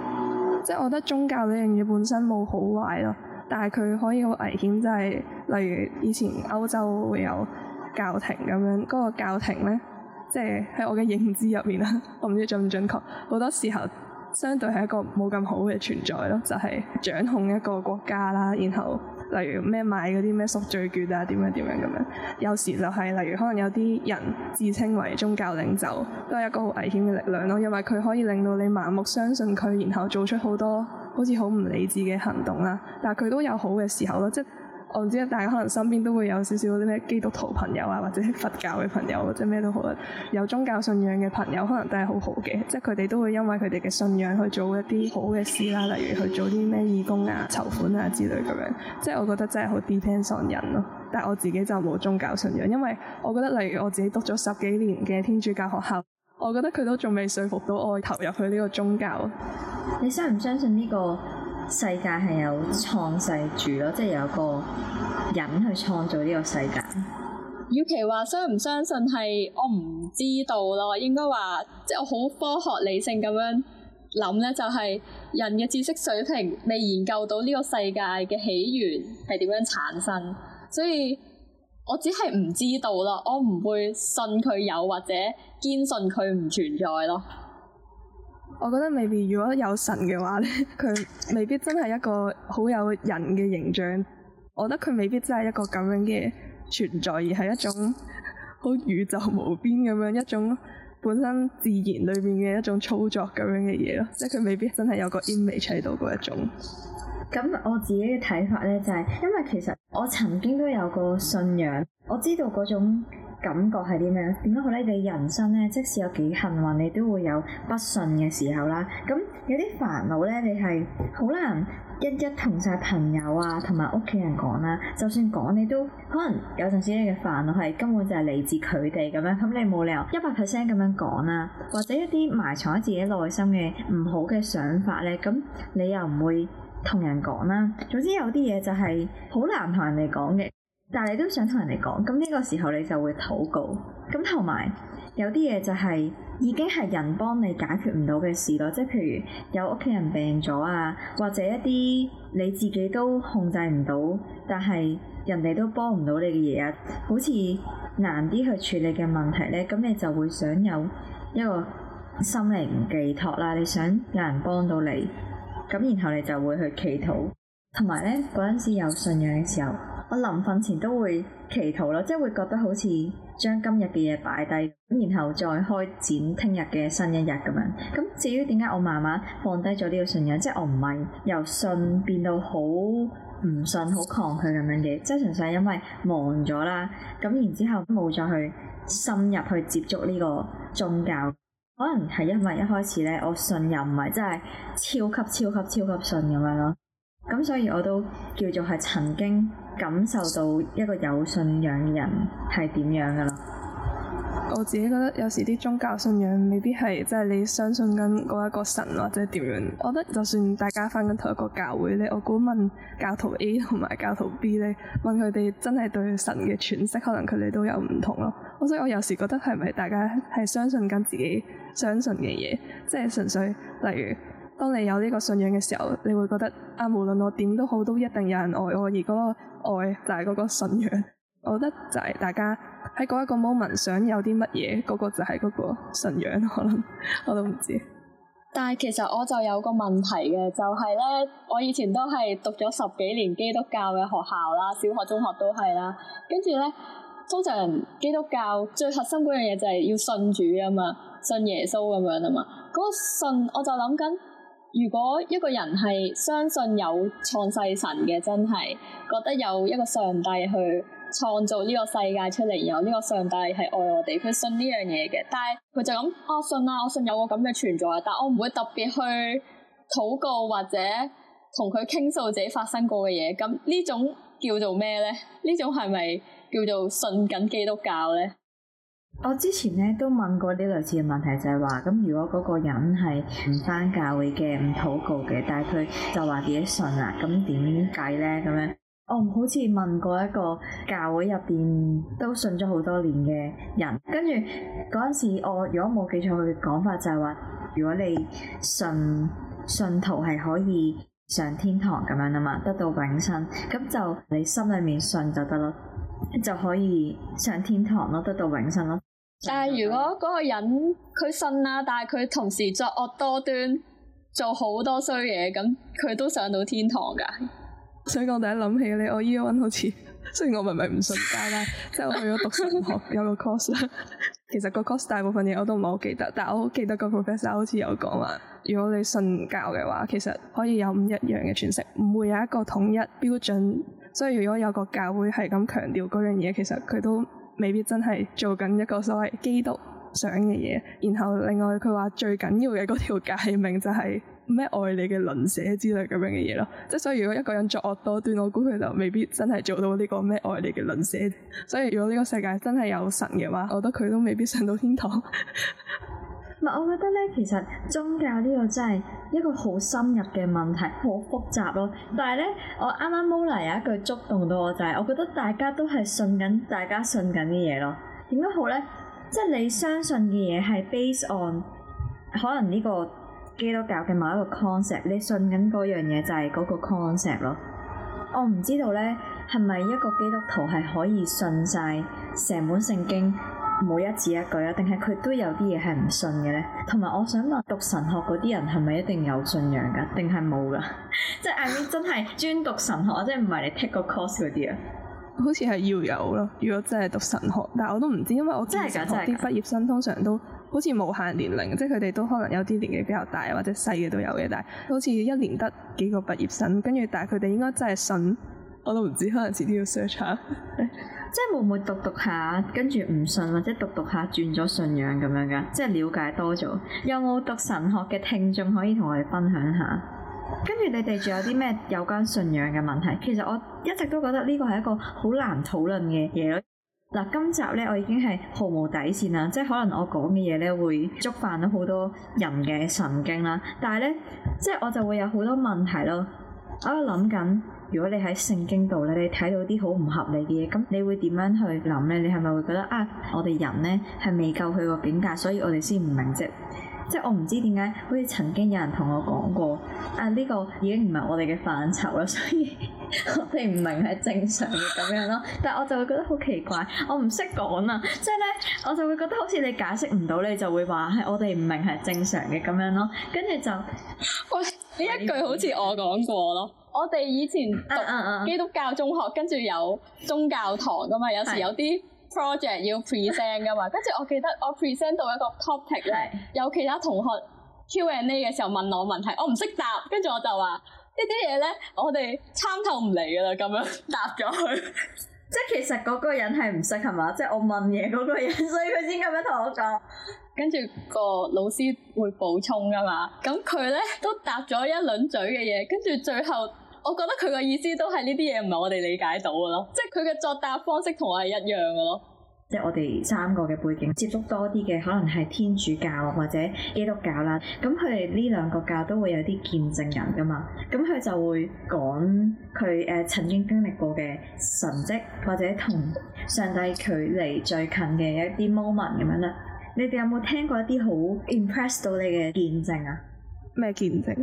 即係我覺得宗教呢樣嘢本身冇好壞咯，但係佢可以好危險，就係。例如以前歐洲會有教廷咁樣，嗰、那個教廷呢，即係喺我嘅認知入面啦，我唔知準唔準確。好多時候，相對係一個冇咁好嘅存在咯，就係、是、掌控一個國家啦。然後例如咩買嗰啲咩贖罪券啊，點樣點樣咁樣。有時就係、是、例如可能有啲人自稱為宗教領袖，都係一個好危險嘅力量咯，因為佢可以令到你盲目相信佢，然後做出好多好似好唔理智嘅行動啦。但係佢都有好嘅時候咯，即係。我知啊，大家可能身邊都會有少少啲咩基督徒朋友啊，或者佛教嘅朋友，或者咩都好啦，有宗教信仰嘅朋友，可能都係好好嘅，即係佢哋都會因為佢哋嘅信仰去做一啲好嘅事啦，例如去做啲咩義工啊、籌款啊之類咁樣。即係我覺得真係好 depend on 人咯。但係我自己就冇宗教信仰，因為我覺得例如我自己讀咗十幾年嘅天主教學校，我覺得佢都仲未説服到我投入去呢個宗教。你相唔相信呢個？世界係有創世主咯，即係有個人去創造呢個世界。與其話相唔相信，係我唔知道咯，應該話即係我好科學理性咁樣諗咧，就係、是、人嘅知識水平未研究到呢個世界嘅起源係點樣產生，所以我只係唔知道咯，我唔會信佢有或者堅信佢唔存在咯。我覺得未必，如果有神嘅話咧，佢未必真係一個好有人嘅形象。我覺得佢未必真係一個咁樣嘅存在，而係一種好宇宙無邊咁樣一種本身自然裏邊嘅一種操作咁樣嘅嘢咯。即係佢未必真係有個 image 喺度嗰一種。咁我自己嘅睇法咧，就係、是、因為其實我曾經都有過信仰，我知道嗰種。感覺係啲咩咧？變好咧，你人生咧，即使有幾幸運，你都會有不順嘅時候啦。咁有啲煩惱咧，你係好難一一同晒朋友啊，同埋屋企人講啦、啊。就算講，你都可能有陣時你嘅煩惱係根本就係嚟自佢哋咁樣。咁你冇理由一百 percent 咁樣講啊，或者一啲埋藏喺自己內心嘅唔好嘅想法咧，咁你又唔會同人講啦、啊。總之有啲嘢就係好難同人哋講嘅。但係你都想同人哋講，咁呢個時候你就會禱告。咁同埋有啲嘢就係已經係人幫你解決唔到嘅事咯，即係譬如有屋企人病咗啊，或者一啲你自己都控制唔到，但係人哋都幫唔到你嘅嘢啊，好似難啲去處理嘅問題咧，咁你就會想有一個心靈寄託啦，你想有人幫到你，咁然後你就會去祈禱，同埋咧嗰陣時有信仰嘅時候。我臨瞓前都會祈禱咯，即係會覺得好似將今日嘅嘢擺低，然後再開展聽日嘅新一日咁樣。咁至於點解我慢慢放低咗呢個信仰，即係我唔係由信變到好唔信、好抗拒咁樣嘅，即係純粹係因為忙咗啦。咁然之後冇再去深入去接觸呢個宗教，可能係因為一開始咧，我信仰唔係真係超，超級超級超級信咁樣咯。咁所以我都叫做係曾經感受到一個有信仰人係點樣噶啦。我自己覺得有時啲宗教信仰未必係即係你相信緊嗰一個神或者點樣。我覺得就算大家翻緊同一個教會咧，我估問教徒 A 同埋教徒 B 咧，問佢哋真係對神嘅詮釋，可能佢哋都有唔同咯。所以我有時覺得係咪大家係相信緊自己相信嘅嘢，即係純粹，例如。當你有呢個信仰嘅時候，你會覺得啊，無論我點都好，都一定有人愛我。而嗰個愛就係嗰個信仰。 [laughs] 我覺得就係大家喺嗰一個 moment 想有啲乜嘢，嗰、嗰個就係嗰個信仰。可 [laughs] 能我都唔知。但係其實我就有個問題嘅，就係、係、咧，我以前都係讀咗十幾年基督教嘅學校啦，小學、中學都係啦。跟住咧，通常基督教最核心嗰樣嘢就係要信主啊嘛，信耶穌咁樣啊嘛。嗰、嗰個信我就諗緊。如果一個人係相信有創世神嘅，真係覺得有一個上帝去創造呢個世界出嚟，然後呢個上帝係愛我哋，佢信呢樣嘢嘅，但係佢就咁，我、啊、信啊，我信有個咁嘅存在，但我唔會特別去禱告或者同佢傾訴自己發生過嘅嘢。咁呢種叫做咩咧？呢種係咪叫做信緊基督教咧？我之前咧都問過啲類似嘅問題，就係話咁，如果嗰個人係唔返教會嘅、唔禱告嘅，但係佢就話自己信啦，咁點解咧？咁樣我好似問過一個教會入邊都信咗好多年嘅人，跟住嗰陣時，我如果冇記錯佢嘅講法，就係話，如果你信信徒係可以上天堂咁樣啊嘛，得到永生，咁就你心裡面信就得咯，就可以上天堂咯，得到永生咯。但係如果嗰個人佢信啦，但係佢同時作惡多端，做好多衰嘢，咁佢都上到天堂噶。所以講第一諗起你，我 year one 好似，雖然我唔係唔信教啦， [laughs] 即係我去咗讀神學 [laughs] 有個 course 啦。其實個 course 大部分嘢我都唔係好記得，但係我好記得個 professor 好似有講話，如果你信教嘅話，其實可以有唔一樣嘅詮釋，唔會有一個統一標準。所以如果有個教會係咁強調嗰樣嘢，其實佢都未必真係做緊一個所謂基督想嘅嘢，然後另外佢話最緊要嘅嗰條誡命就係咩愛你嘅鄰舍之類咁樣嘅嘢咯，即係所以如果一個人作惡多端，我估佢就未必真係做到呢個咩愛你嘅鄰舍。所以如果呢個世界真係有神嘅話，我覺得佢都未必上到天堂。 [laughs] 我覺得咧，其實宗教呢個真係一個好深入嘅問題，好複雜咯。但係咧，我啱啱 Mola 有一句觸動到我，就係、是、我覺得大家都係信緊，大家信緊嘅嘢咯。點樣好咧？即係你相信嘅嘢係 based on 可能呢個基督教嘅某一個 concept，你信緊嗰樣嘢就係嗰個 concept 咯。我唔知道咧，係咪一個基督徒係可以信晒成本聖經？每一字一句啊，定係佢都有啲嘢係唔信嘅咧。同埋我想問，讀神學嗰啲人係咪一定有信仰噶，定係冇噶？ [laughs] 即係啱 I mean, 真係專讀神學， [laughs] 即係唔係你 take 個 course 嗰啲啊？好似係要有咯。如果真係讀神學，但係我都唔知，因為我之前學啲畢業生通常都好似無限年齡， [laughs] 即係佢哋都可能有啲年紀比較大或者細嘅都有嘅，但係好似一年得幾個畢業生，跟住但係佢哋應該真係信，我都唔知，可能遲啲要 search 下。 [laughs] 即係會唔會讀讀下，跟住唔信或者讀讀下轉咗信仰咁樣噶，即係了解多咗。有冇讀神學嘅聽眾可以同我哋分享下？跟住你哋仲有啲咩有關信仰嘅問題？其實我一直都覺得呢個係一個好難討論嘅嘢咯。嗱，今集咧我已經係毫無底線啦，即係可能我講嘅嘢咧會觸犯到好多人嘅神經啦。但係咧，即係我就會有好多問題咯。我喺度諗緊。如果你喺聖經度咧，你睇到啲好唔合理嘅嘢，咁你會點樣去諗咧？你係咪會覺得啊，我哋人咧係未夠佢個境界，所以我哋先唔明啫？即係我唔知點解，好似曾經有人同我講過，啊呢個已經唔係我哋嘅範疇啦，所以我哋唔明係正常嘅咁樣咯。但係我，我，、就是、我就會覺得好奇怪，我唔識講啊，即係咧我就會覺得好似你解釋唔到，你就會話係我哋唔明係正常嘅咁樣咯。跟住就，哇！呢一句好似我講過咯。我哋以前讀基督教中學，跟住有宗教堂噶嘛，有時有啲。Project 要 present 噶嘛，跟住我記得我 present 到一個 topic 嚟， [laughs] 有其他同學 Q and A 嘅時候問我問題，我唔識答，跟住我就話呢啲嘢咧，我哋參透唔嚟噶啦，咁樣答咗佢。 [laughs] 即係其實嗰個人係唔識係嘛，即係我問嘢嗰個人，所以佢先咁樣同我講。跟住個老師會補充噶嘛，咁佢咧都答咗一輪嘴嘅嘢，跟住最後。我覺得佢個意思都係呢啲嘢唔係我哋理解到嘅咯，即係佢嘅作答方式同我係一樣嘅咯。即係我哋三個嘅背景接觸多啲嘅，可能係天主教或者基督教啦。咁佢哋呢兩個教都會有啲見證人㗎嘛。咁佢就會講佢誒、曾經經歷過嘅神蹟，或者同上帝距離最近嘅一啲 moment 咁樣啦。你哋有冇聽過一啲好 impress 到你嘅見證啊？咩見證？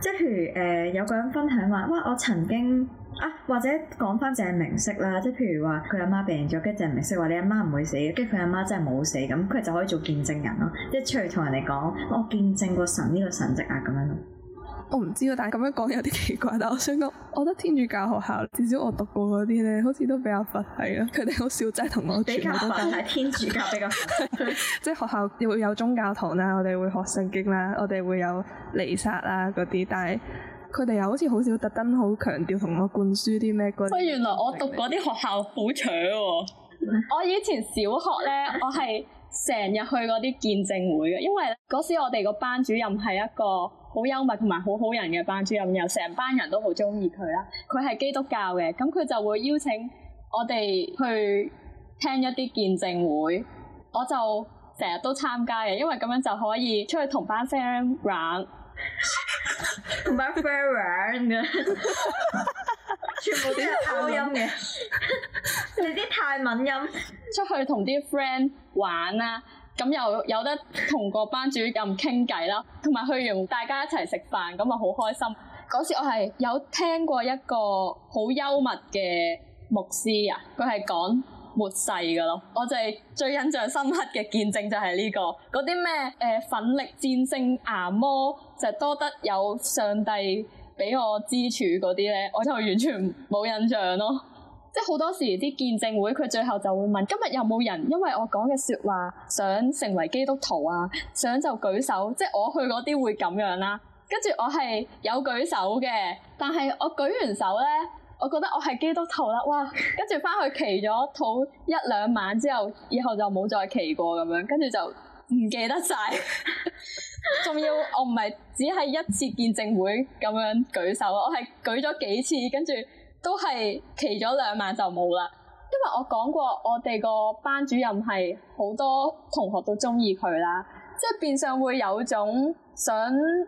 即係譬如誒、呃、有個人分享話哇，我曾經啊或者講返就鄭明析啦，即係譬如話佢阿媽病咗，跟住鄭明析話你阿媽唔會死，跟住佢阿媽真係冇死，咁佢就可以做見證人咯，即係出去同人哋講我見證過神呢、呢個神跡啊咁樣。我唔知啊，但係咁樣講有啲奇怪。但係我想講，我覺得天主教學校至少我讀過嗰啲咧，好似都比較佛系啊。佢哋好少真係同我傳，我都真係天主教比較。即係學校會有宗教堂啦，我哋會學聖經啦，我哋會有彌撒啦嗰啲。但係佢哋又好似好少特登好強調同我灌輸啲咩嗰。喂，原來我讀嗰啲學校好搶喎！我以前小學咧，我係成日去嗰啲見證會嘅，因為嗰時我哋個班主任係一個。好幽默同埋好好人嘅班主任，又成班人都好鍾意佢啦。佢係基督教嘅，咁佢就會邀請我哋去聽一啲見證會。我就成日都參加嘅，因為咁樣就可以出去同班 friend 玩，同班 friend 玩嘅，全部都係拗音嘅，你啲泰文音出去同啲 friend 玩啊！咁又有得同個班主任傾偈啦，同埋去完大家一齊食飯，咁啊好開心。嗰時我係有聽過一個好幽默嘅牧師啊，佢係講末世噶咯，我就係最印象深刻嘅見證就係呢、這個。嗰啲咩誒奮力戰勝牙魔就是、多得有上帝俾我支柱嗰啲咧，我就完全冇印象咯。即係好多時啲見證會，佢最後就會問：今日有冇人因為我講嘅説話想成為基督徒啊？想就舉手。即係我去嗰啲會咁樣啦、啊。跟住我係有舉手嘅，但係我舉完手咧，我覺得我係基督徒啦。哇！跟住翻去祈咗禱一兩晚之後，以後就冇再祈過咁樣，跟住就唔記得晒，仲 [laughs] 要我唔係只係一次見證會咁樣舉手，我係舉咗幾次，跟住。都係期咗兩晚就冇啦，因為我講過我哋個班主任係好多同學都中意佢啦，即係變相會有種想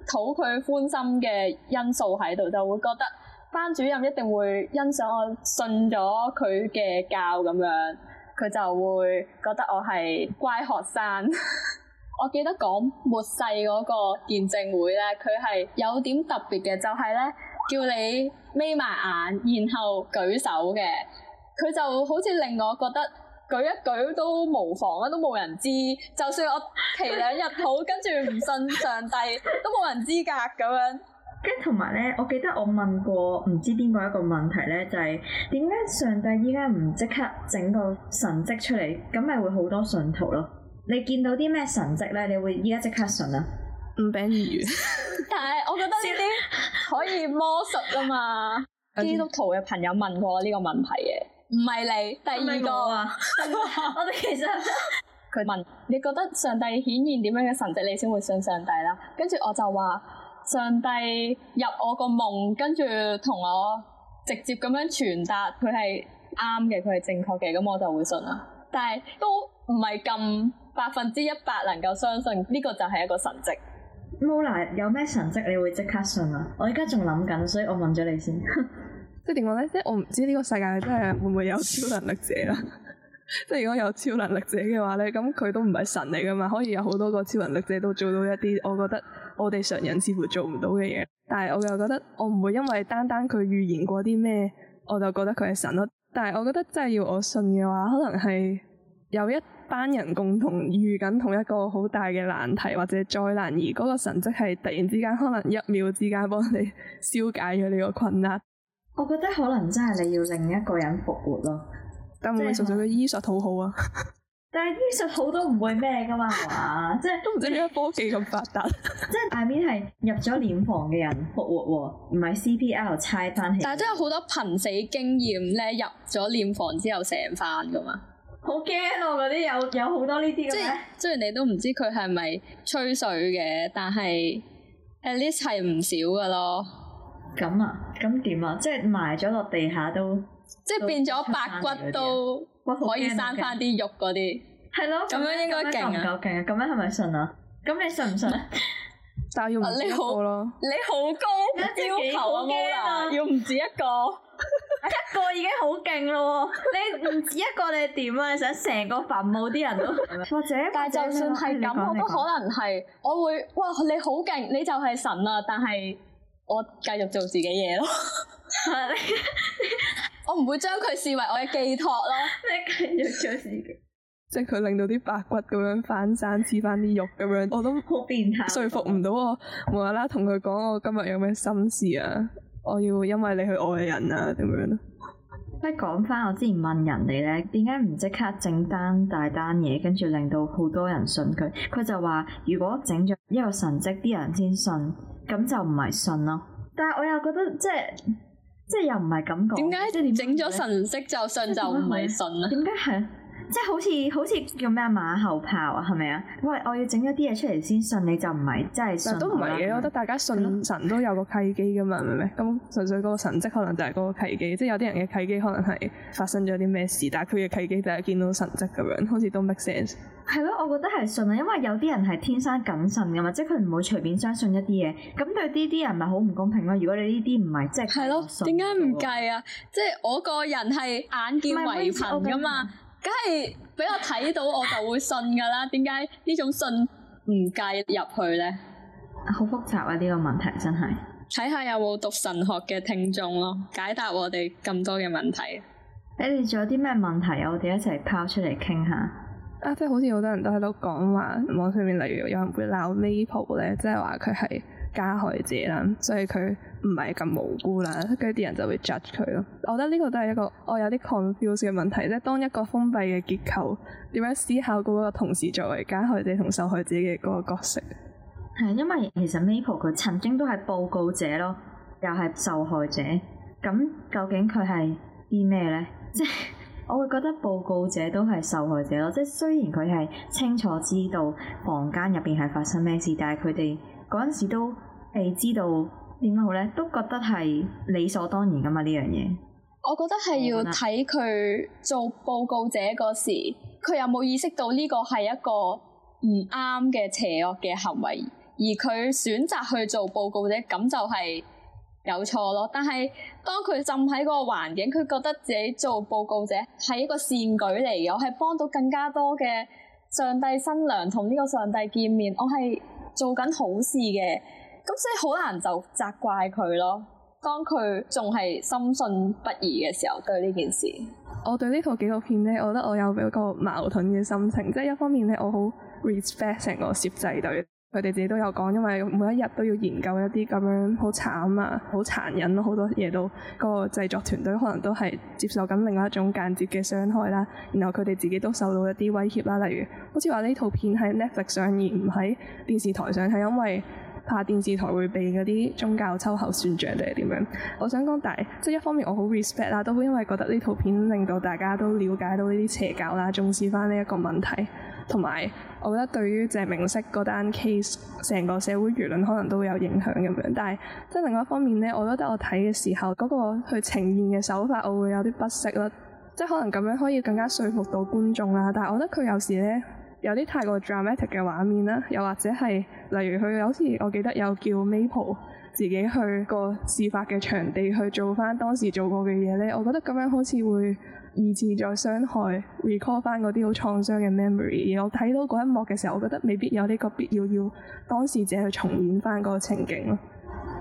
討佢歡心嘅因素喺度，就會覺得班主任一定會欣賞我信咗佢嘅教咁樣，佢就會覺得我係乖學生。 [laughs] 我記得講末世嗰個見證會咧，佢係有點特別嘅，就係、是、咧。叫你眯埋眼，然後舉手嘅，佢就好似令我覺得舉一舉都無妨啊，都冇人知。就算我皮兩日好， [laughs] 跟住唔信上帝，都冇人知㗎咁樣。跟住同埋咧，我記得我問過唔知邊個一個問題咧，就係點解上帝依家唔即刻整個神蹟出嚟？咁咪會好多信徒咯。你見到啲咩神蹟咧？你會依家即刻信啊？唔俾語言， [laughs] 但係我覺得呢啲可以魔術㗎嘛。基督徒嘅朋友問過我呢個問題嘅，唔係你第二個，我哋其實佢問你覺得上帝顯現點樣嘅神蹟，你先會信上帝啦。跟住我就話上帝入我個夢，跟住同我直接咁樣傳達，佢係啱嘅，佢係正確嘅，咁我就會信啦。但係都唔係咁百分之一百能夠相信呢個就係一個神蹟。冇啦，有咩神蹟你會即刻信啊？我而家仲諗緊，所以我問咗你先。即係點講咧？即係我唔知呢個世界真係會唔會有超能力者啦。即 [laughs] 係如果有超能力者嘅話咧，咁佢都唔係神嚟㗎嘛，可以有好多個超能力者都做到一啲我覺得我哋常人似乎做唔到嘅嘢。但係我又覺得我唔會因為單單佢預言過啲咩，我就覺得佢係神咯。但係我覺得真係要我信嘅話，可能係有一班人共同遇緊同一個好大嘅難題或者災難，而嗰個神跡係突然之間，可能一秒之間幫你消解咗你個困難。我覺得可能真係你要另一個人復活咯。 [laughs] 但係咪純粹個醫術好好啊？但係醫術好都唔會咩噶嘛，係嘛？即係都唔知點解科技咁發達 [laughs] 說。即係 I mean 係入咗殮房嘅人復活喎，唔係 CPR 猜返起。但係都有好多瀕死經驗咧，入咗殮房之後醒返噶嘛。好驚，我嗰啲有有好多呢啲即係，雖然你都唔知佢係咪吹水嘅，但係 at least 係唔少噶咯。咁啊？咁點啊？即係埋咗落地下都，即係變咗白骨都可以生翻啲肉嗰啲。係咯，咁樣應該勁啊。夠唔夠勁啊？咁樣係咪信啊？咁你信唔信咧？但係要唔止一個咯。你好高，要求啊！要唔止一個。 [laughs] 一個已經好勁咯，你唔止一個你點啊？你想成個墳墓啲人都？啊、或者，但係就算係咁，我都可能係，我會哇你好勁，你就係神啊！但係我繼續做自己嘢咯。我唔會將佢視為我嘅寄託咯。即係繼續做自己？即係佢令到啲白骨咁樣翻生，黐翻啲肉咁樣，我都好變態。 [laughs] 說服唔到我，無啦啦同佢講我今日有咩心事啊？我要因為你去愛人啊，點樣？即講翻我之前問人哋咧，點解唔即刻整單大單嘢，跟住令到好多人信佢？佢就話：如果整咗一個神蹟，啲人先信，咁就唔係信咯。但係我又覺得即係即係又唔係咁講。點解整咗神蹟就信就唔係信啊？點解係？即係好似好似叫咩馬後炮啊，係咪啊？喂，我要整咗啲嘢出嚟先信，你就唔係真係信。都唔係嘅，我覺得大家信神都有個契機噶嘛，明唔明？咁純粹嗰個神跡可能就係嗰個契機，即係有啲人嘅契機可能係發生咗啲咩事，但係佢嘅契機就係見到神跡咁樣，好似都 make sense。係咯，我覺得係信啊，因為有啲人係天生謹慎噶嘛，即係佢唔會隨便相信一啲嘢。咁對呢啲人咪好唔公平咯？如果你呢啲唔係，即係點解唔計啊？即係我個人係眼見為憑噶嘛。梗係俾我睇到我就會信噶啦，點解呢種信唔計入去咧？好複雜啊！呢、這個問題真係睇下有冇讀神學嘅聽眾咯，解答我哋咁多嘅問題。你哋仲有啲咩問題啊？我哋一齊拋出嚟傾下。啊，即係好似好多人都喺度講話網上面，例如有人會鬧呢 a p 咧，即係話佢係。加害者啦，所以佢唔係咁無辜啦。跟住啲人就會 judge 佢咯。我覺得呢個都係一個我有啲 confuse 嘅問題，即係當一個封閉嘅結構，點樣思考嗰個同時作為加害者同受害者嘅嗰個角色係，因為其實 Maple 佢曾經都係報告者咯，又係受害者。咁究竟佢係啲咩咧？即 [laughs] 係我會覺得報告者都係受害者咯。即係雖然佢係清楚知道房間入邊係發生咩事，但係佢哋。嗰陣時都誒知道點講好咧，都覺得係理所當然噶嘛呢樣嘢。我覺得係要睇佢做報告者嗰時，佢有冇意識到呢個係一個唔啱嘅邪惡嘅行為，而佢選擇去做報告者，咁就係有錯咯。但係當佢浸喺個環境，佢覺得自己做報告者係一個善舉嚟嘅，我係幫到更加多嘅上帝新娘同呢個上帝見面，我係做緊好事嘅，咁所以好難就責怪佢咯。當佢仲係深信不疑嘅時候，對呢件事，我對呢套紀錄片咧，我覺得我有嗰個矛盾嘅心情，即係一方面咧，我好 respect 成個攝製隊。佢哋自己都有講，因為每一日都要研究一啲咁樣好慘啊、好殘忍咯、啊，好多嘢都，嗰個製作團隊可能都係接受緊另外一種間接嘅傷害啦。然後佢哋自己都受到一啲威脅啦，例如好似話呢套片喺 Netflix 上而唔喺電視台上，係因為怕電視台會畀嗰啲宗教秋口算著秋後算賬定係點樣？我想講，但係即係一方面我好 respect 啦，都因為覺得呢套片令到大家都了解到呢啲邪教啦，重視翻呢一個問題。同埋，我覺得對於鄭明析嗰單 case，成個社會輿論可能都會有影響咁樣，但係即係另外一方面咧，我覺得我睇嘅時候，嗰個去呈現嘅手法，我會有啲不適啦，即係可能咁樣可以更加說服到觀眾啦。但係我覺得佢有時咧，有啲太過 dramatic 嘅畫面啦，又或者係例如佢好似我記得有叫 Maple 自己去個事發嘅場地去做翻當時做過嘅嘢咧，我覺得咁樣好似會二次再傷害 recall 翻嗰啲好創傷嘅 memory，而我睇到嗰一幕嘅時候，我覺得未必有呢個必要要當事者去重演翻嗰個情景咯。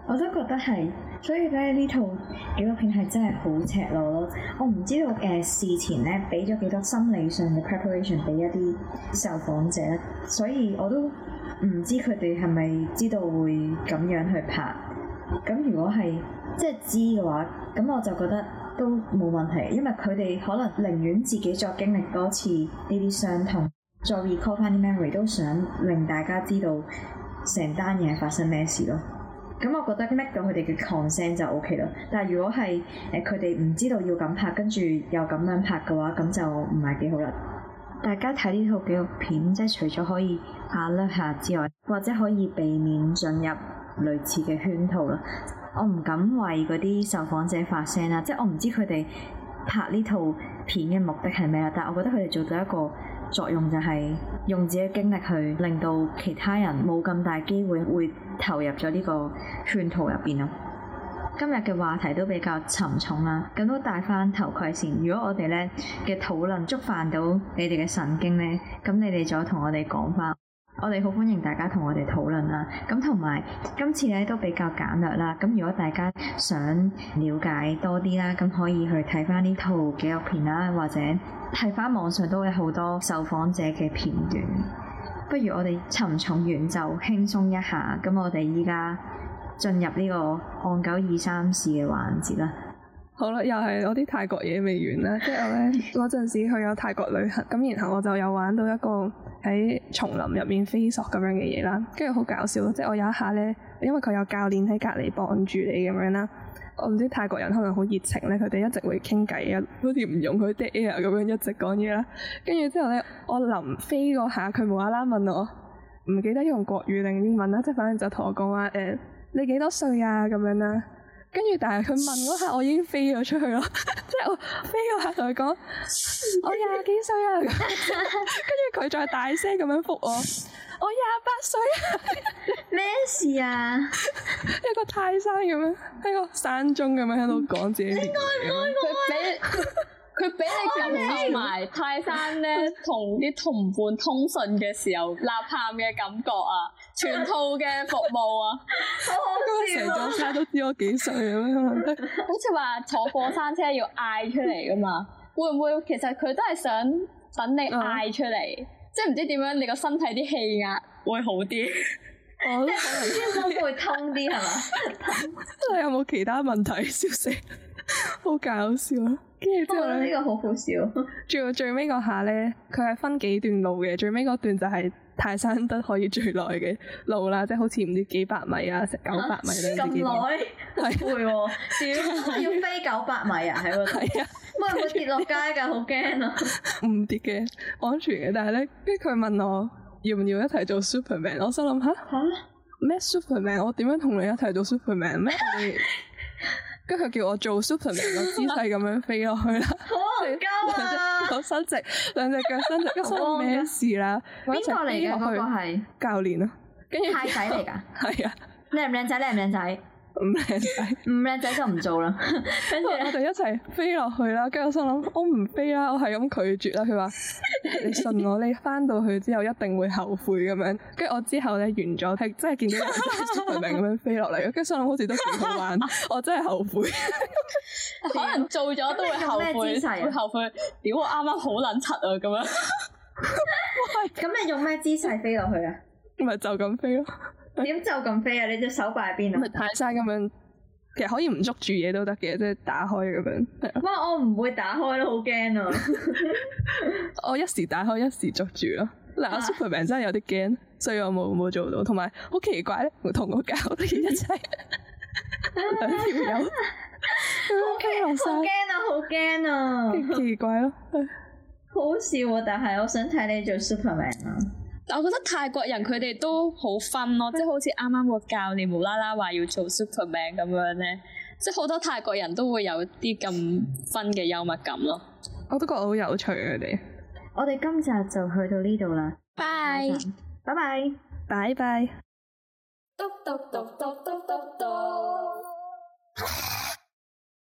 我都覺得係，所以咧，呢套紀錄片係真係好赤裸咯。我唔知道誒、呃、事前咧，俾咗幾多心理上嘅 preparation 俾一啲受訪者，所以我都唔知佢哋係咪知道會咁樣去拍。咁如果係即係知嘅話，咁我就覺得。都冇問題，因為佢哋可能寧願自己再經歷多次呢啲傷痛，再 recall 翻啲 memory，都想令大家知道成單嘢係發生咩事咯。咁、嗯嗯、我覺得 make 到佢哋嘅 consent 就 OK 啦。但係如果係誒佢哋唔知道要咁拍，跟住又咁樣拍嘅話，咁就唔係幾好啦。大家睇呢套紀錄片，即係除咗可以下惻下之外，或者可以避免進入類似嘅圈套啦。我唔敢為嗰啲受訪者發聲啦，即係我唔知佢哋拍呢套片嘅目的係咩啦，但係我覺得佢哋做到一個作用就係用自己嘅經歷去令到其他人冇咁大機會會投入咗呢個圈套入邊咯。今日嘅話題都比較沉重啦，咁都帶翻頭盔先。如果我哋咧嘅討論觸犯到你哋嘅神經咧，咁你哋再同我哋講翻。我哋好歡迎大家同我哋討論啦，咁同埋今次咧都比較簡略啦。咁如果大家想了解多啲啦，咁可以去睇翻呢套紀錄片啦，或者睇翻網上都有好多受訪者嘅片段。不如我哋沉重完就輕鬆一下，咁我哋依家進入呢個岸久二三事嘅環節啦。好啦，又係我啲泰國嘢未完啦， [laughs] 即係我咧嗰陣時去咗泰國旅行，咁然後我就有玩到一個喺叢林入面飛索咁樣嘅嘢啦，跟住好搞笑，即係我有一下咧，因為佢有教練喺隔離幫住你咁樣啦，我唔知泰國人可能好熱情咧，佢哋一直會傾偈啊，好似唔容許 dead air 咁樣一直講嘢啦，跟住之後咧我臨飛嗰下佢無啦啦問我唔記得用國語定英文啦，即係反正就同我講話誒你幾多歲啊咁樣啦。跟住，但係佢問嗰下，我已經飛咗出去咯。 [laughs] 即係我飛嗰下同佢講，我廿幾歲啊。跟住佢再大聲咁樣覆我， [laughs] 我廿八歲啊。咩 [laughs] 事啊？一 [laughs] 個泰山咁樣，一個山中咁樣喺度講自己：你啊「你愛唔愛我？佢俾你感受埋泰山咧，同啲同伴通訊嘅時候吶喊嘅感覺啊，全套嘅服務啊，好搞笑咯、啊！成座山都知我幾歲咁樣，好似話坐過山車要嗌出嚟㗎嘛？會唔會其實佢都係想等你嗌出嚟，嗯、即係唔知點樣你個身體啲氣壓會好啲，好 [laughs] 即係全身都會通啲係嘛？你有冇其他問題？消息好搞笑啊。跟住不過呢、哦，這個好好笑，仲有最尾嗰下咧，佢係分幾段路嘅，最尾嗰段就係泰山得可以最耐嘅路啦，即係好似唔知幾百米啊，成九百米咁耐，攰喎，少要飛九百米啊，喺度睇。會唔、啊啊、會、會跌落街噶，好驚 [laughs] 啊！唔跌嘅，安全嘅，但係咧，跟住佢問我要唔要一齊做 Superman，我心諗下，吓咩哈 Superman，我點樣同你一齊做 Superman 咩？ [laughs] [laughs] 跟住佢叫我做 Superman 個姿勢咁樣飛落去啦，好難㗎嘛，兩隻腳伸直，兩隻腳伸直，跟住冇咩事啦。邊個嚟嘅嗰個係教練啊？太仔嚟㗎，係啊，靚唔靚仔？靚唔靚仔？唔靚仔，唔靚仔就唔做啦。跟住我哋一齊飛落去啦。跟住我心諗，我唔飛啦，我係咁拒絕啦。佢話：你信我，你翻到去之後一定會後悔咁樣。跟住我之後咧完咗，係真係見到有直升機咁樣飛落嚟。跟住心諗好似都幾好玩。我真係後悔，可能做咗都會，、啊、會後悔，會後悔。屌我啱啱好撚柒啊！咁樣。喂，咁你用咩姿勢飛落去啊？咪就咁飛咯。點就咁飛啊？你隻手擺喺邊啊？泰山咁樣，其實可以唔捉住嘢都得嘅，即係打開咁樣。哇！我唔會打開咯，好驚啊！ [laughs] [laughs] 我一時打開，一時捉住咯。嗱、啊、，superman 真係有啲驚，所以我冇冇做到。同埋好奇怪咧，同我搞啲一齊，兩條 [laughs] [laughs] 友，好驚， [laughs] [laughs] 好驚啊！好驚 [laughs] 啊！奇奇怪咯， [laughs] [laughs] 好笑我、啊、但係我想睇你做 superman 啊。但我覺得泰國人佢哋都好分咯，即係好似啱啱個教練無啦啦話要做 Superman 咁樣咧，即係好多泰國人都會有啲咁分嘅幽默感咯。我都覺得好有趣佢哋。我哋今集就去到呢度啦，拜拜拜拜。Bye bye. Bye bye. [laughs]